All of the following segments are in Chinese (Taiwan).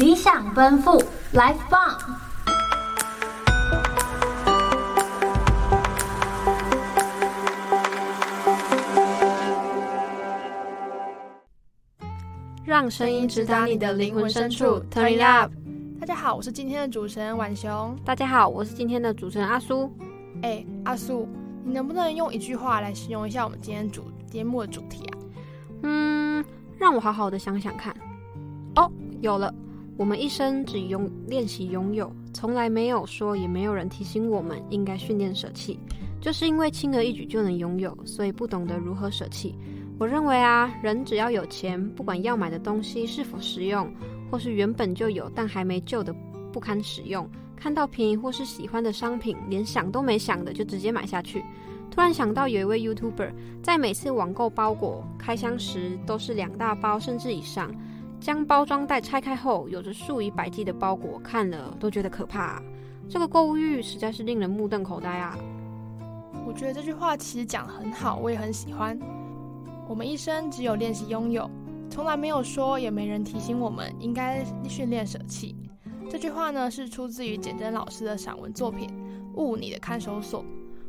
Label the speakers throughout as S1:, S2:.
S1: 理想奔赴，來吧。讓聲音直達你的靈魂深處，Turn it up！
S2: 大家好，我是今天的主持人浣熊。大家好，我是今天的主持人阿蘇。誒，阿蘇、欸，你能不能用一句話來形容一下我們今天主節目的主題啊？嗯，讓我好好的想想看。
S1: 哦，有了。我們一生只擁練習擁有，從來沒有說，也沒有人提醒我們應該訓練捨棄，就是因為輕而易舉就能擁有，所以不懂得如何捨棄。我認為啊，人只要有錢，不管要買的東西是否實用，或是原本就有但還沒舊的不堪使用，看到便宜或是喜歡的商品，連想都沒想的就直接買下去。突然想到有一位 YouTuber，在每次網購包裹開箱時，都是兩大包甚至以上。將包裝袋拆開後，有着數以百計的包裹，看了都覺得可怕。這個
S2: 購物欲實在是令人目瞪口呆啊！我覺得這句話其實講得很好，我也很喜歡。我們一生只有練習擁有，從來沒有說，也沒人提醒我們應該訓練捨棄。這句話呢是出自於簡媜老師的散文作品《霧你的看守所》。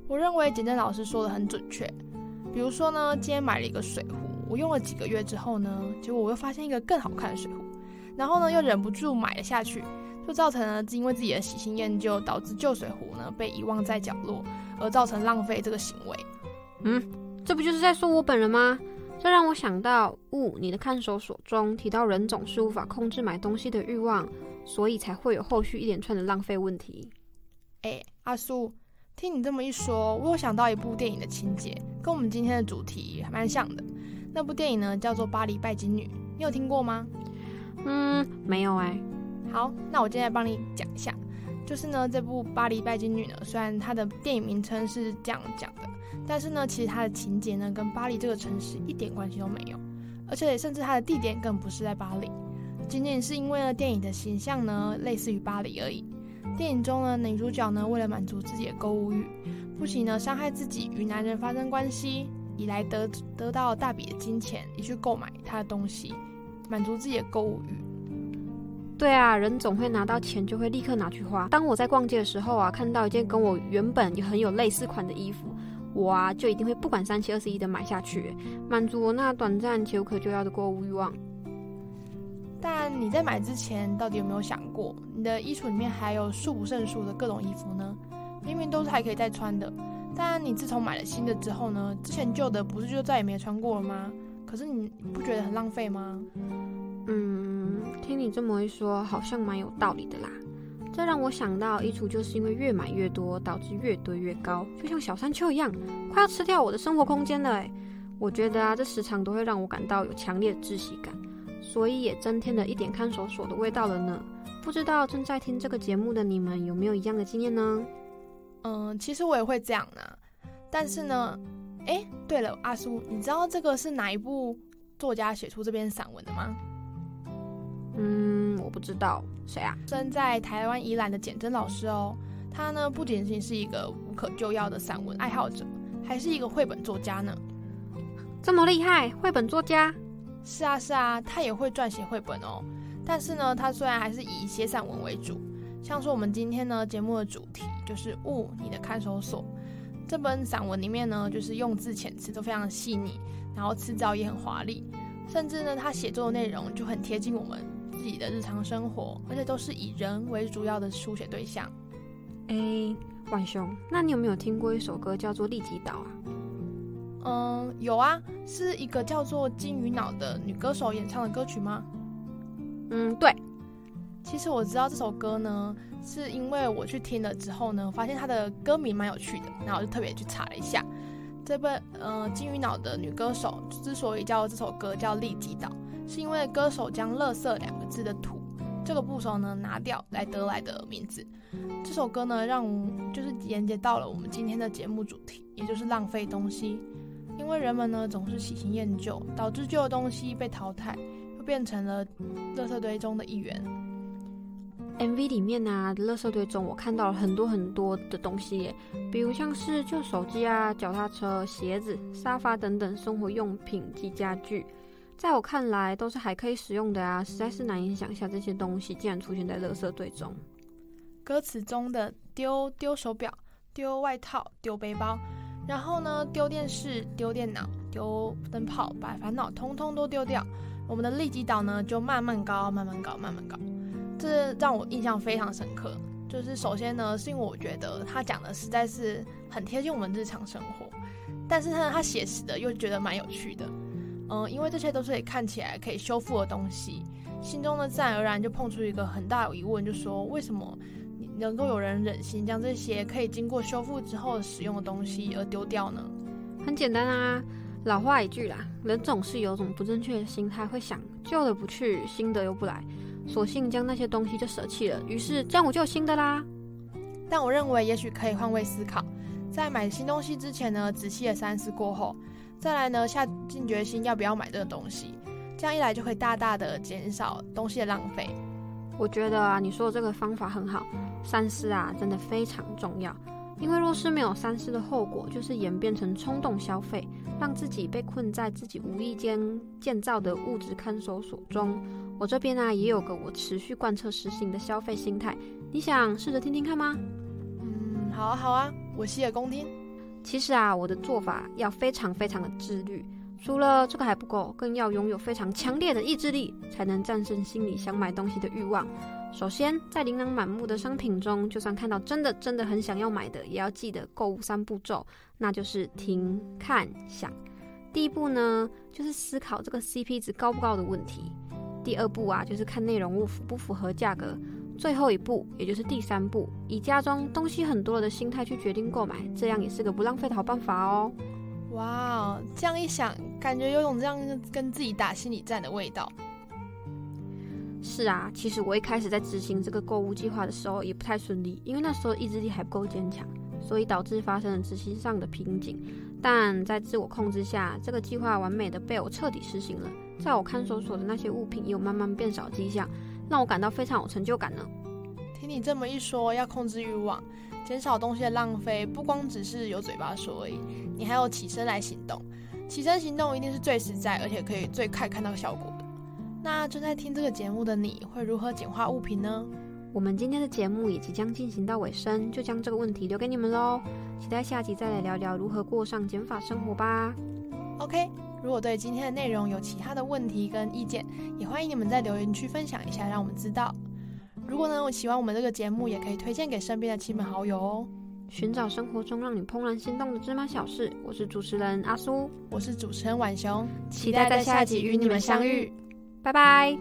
S2: 我認為簡媜老師說得很準確。比如說呢，今天買了一個水壺。我用了幾個月之後呢，結果我又發現一個更好看的水壺，然後呢又忍不住買了下去，就造成了因為自己的喜新厭舊，導致舊水壺呢被遺忘在角落，而造成浪費這個行為。嗯，
S1: 這不就是在說我本人嗎？這讓我想到，唔、哦，你的看守所中提到人總是無法控制買東西的欲望，所以才會有後續一連串的浪費問題。
S2: 哎、欸，阿蘇，聽你這麼一說，我又想到一部電影的情節，跟我們今天的主題還蠻像的。那部電影呢，叫做《巴黎拜金女》，你有聽過嗎？嗯，沒有哎、欸。好，那我現在幫你講一下。就是呢，這部《巴黎拜金女》呢，雖然它的電影名稱是這樣講的，但是呢，其實它的情節呢，跟巴黎這個城市一點關係都沒有，而且甚至它的地點更不是在巴黎，僅僅是因為呢，電影的形象呢，類似於巴黎而已。電影中呢，女主角呢，為了滿足自己的購物欲，不惜呢，傷害自己與男人發生關係。以來得得到大筆的金錢，你去購買他的東西，滿足自己的購物慾。
S1: 對啊，人總會拿到錢就會立刻拿去花。當我在逛街的時候啊，看到一件跟我原本也很有類似款的衣服，我啊就一定會不管三七二十一的買下去，滿足我那短暫且無可救藥的購物欲望。
S2: 但你在買之前，到底有沒有想過，你的衣櫥裡面還有數不勝數的各種衣服呢？明明都是還可以再穿的，但你自從買了新的之後呢，之前舊的不是就再也沒有穿過了嗎？可是你不覺得很浪費嗎？
S1: 嗯，聽你這麼一說，好像蠻有道理的啦。這讓我想到，衣櫥就是因為越買越多，導致越堆越高，就像小山丘一樣，快要吃掉我的生活空間了。哎，我覺得啊，這時常都會讓我感到有強烈的窒息感，所以也增添了一點看守所的味道了呢。不知道正在聽這個節目的你們有沒有一樣的經
S2: 驗呢？嗯，其實我也會這樣呢、啊，但是呢，哎、欸，對了，阿蘇，你知道這個是哪一部作家寫出這篇散文的嗎？嗯，我不知道，誰啊？身在台灣宜蘭的簡珍老師哦，他呢，不僅僅是一個無可救藥的散文愛好者，還是一個繪本作家呢。這麼厲害，繪本作家？是啊是啊，他也會撰寫繪本哦，但是呢，他雖然還是以寫散文為主。像說我們今天呢，節目的主題就是《霧》，你的看守所，這本散文裡面呢，就是用字遣詞都非常細膩，然後辭藻也很華麗，甚至呢，他寫作的內容就很貼近我們自己的日常生活，而且都是以人為主要的書寫對象。哎，萬兄，那你有沒有聽過一首歌叫做《利己島》啊？嗯，有啊，是一個叫做金魚腦的女歌手演唱的歌曲嗎？嗯，對。其實我知道這首歌呢，是因為我去聽了之後呢，發現它的歌名蠻有趣的，然後就特別去查了一下，這本呃金魚腦的女歌手之所以叫這首歌叫《立及島》，是因為歌手將“垃圾”兩個字的“土”這個部首呢拿掉來得來的名字。這首歌呢讓我們就是連接到了我們今天的節目主題，也就是浪費東西。因為人們呢總是喜新厭舊，導致舊的東西被淘汰，又變成了垃圾堆中的一員。
S1: MV 裡面啊，垃圾堆中，我看到了很多很多的東西，比如，像是舊手機啊、腳踏車、鞋子、沙發等等生活用品及家具，在我看來都是還可以使用的啊，實
S2: 在是難以想象這些東西竟然出現在垃圾堆中。歌詞中的丟丟手錶、丟外套、丟背包，然後呢丟電視、丟電腦、丟燈泡，把煩惱通通都丟掉，我們的利基島呢就慢慢搞、慢慢搞、慢慢搞。是讓我印象非常深刻，就是首先呢，是因為我覺得他講的實在是很貼近我們日常生活，但是呢，他寫實的又覺得蠻有趣的，嗯，因為這些都是可以看起來可以修復的東西，心中呢，自然而然就碰出一個很大的疑問，就說為什麼能夠有人忍心將這些可以經過修復之後使用的東西而丟掉呢？很簡單啊，
S1: 老話一句啦，人總是有種不正確的心態，會想舊的不去，新的
S2: 又不來。索性將那些東西就捨棄了，於是這樣我就有新的啦。但我認為，也許可以換位思考，在買新東西之前呢，仔細的三思過後，再來呢下定決心要不要買這個東西。這樣一來，就可以大大的減少東西的浪費。我覺得啊，你說的這個方法很好，三思啊真的非
S1: 常重要。因為若是沒有三思的後果，就是演變成衝動消費，讓自己被困在自己無意間建造的物質看守所中。我這邊呢、啊、也有個我持續貫徹實行的消費心態，你想試着聽聽看嗎？
S2: 嗯，
S1: 好啊，好啊，我洗耳恭聽。其實啊，我的做法要非常非常的自律，除了這個還不夠，更要擁有非常強烈的意志力，才能戰勝心裡想買東西的欲望。首先，在琳琅滿目的商品中，就算看到真的真的很想要買的，也要記得購物三步驟，那就是停、看、想。第一步呢，就是思考這個 CP 值高不高的問題。第二步啊，就是看內容物符不符合價格。最後一步，也就是第三步，以家中東西很多了的心態去決定購買，這樣也是個不浪費的好辦法哦。哇，這樣一想，感覺有種這樣跟自己打心理戰的味道。是啊，其實我一開始在執行這個購物計劃的時候也不太順利，因為那時候意志力還不夠堅強，所以導致發生了執行上的瓶頸。但在自我控制下，這個計劃完美的被我徹底實行了。在我看守所的那些物品也有慢慢變少跡象，讓我
S2: 感到非常有成就感呢。聽你這麼一說，要控制欲望，減少東西的浪費，不光只是有嘴巴說而已，你還要起身來行動。起身行動一定是最實在，而且可以最快看到效果的。那正在聽這個節目的你會如何簡化物品呢？我們今天的節目也即將進行到尾聲，
S1: 就將這個問題留給你們嘍。期待下集再來聊聊如何過上減法生活吧。
S2: OK。如果對今天的內容有其他的問題跟意見，也歡迎你們在留言區分享一下，讓我們知道。如果呢，喜歡我們這個節目，也可以推薦給身邊的親朋好友哦。尋找生活中讓你怦然心動的芝麻小事，我是主持人阿蘇，我是主持人浣熊，期待在下集與你們相遇，拜拜。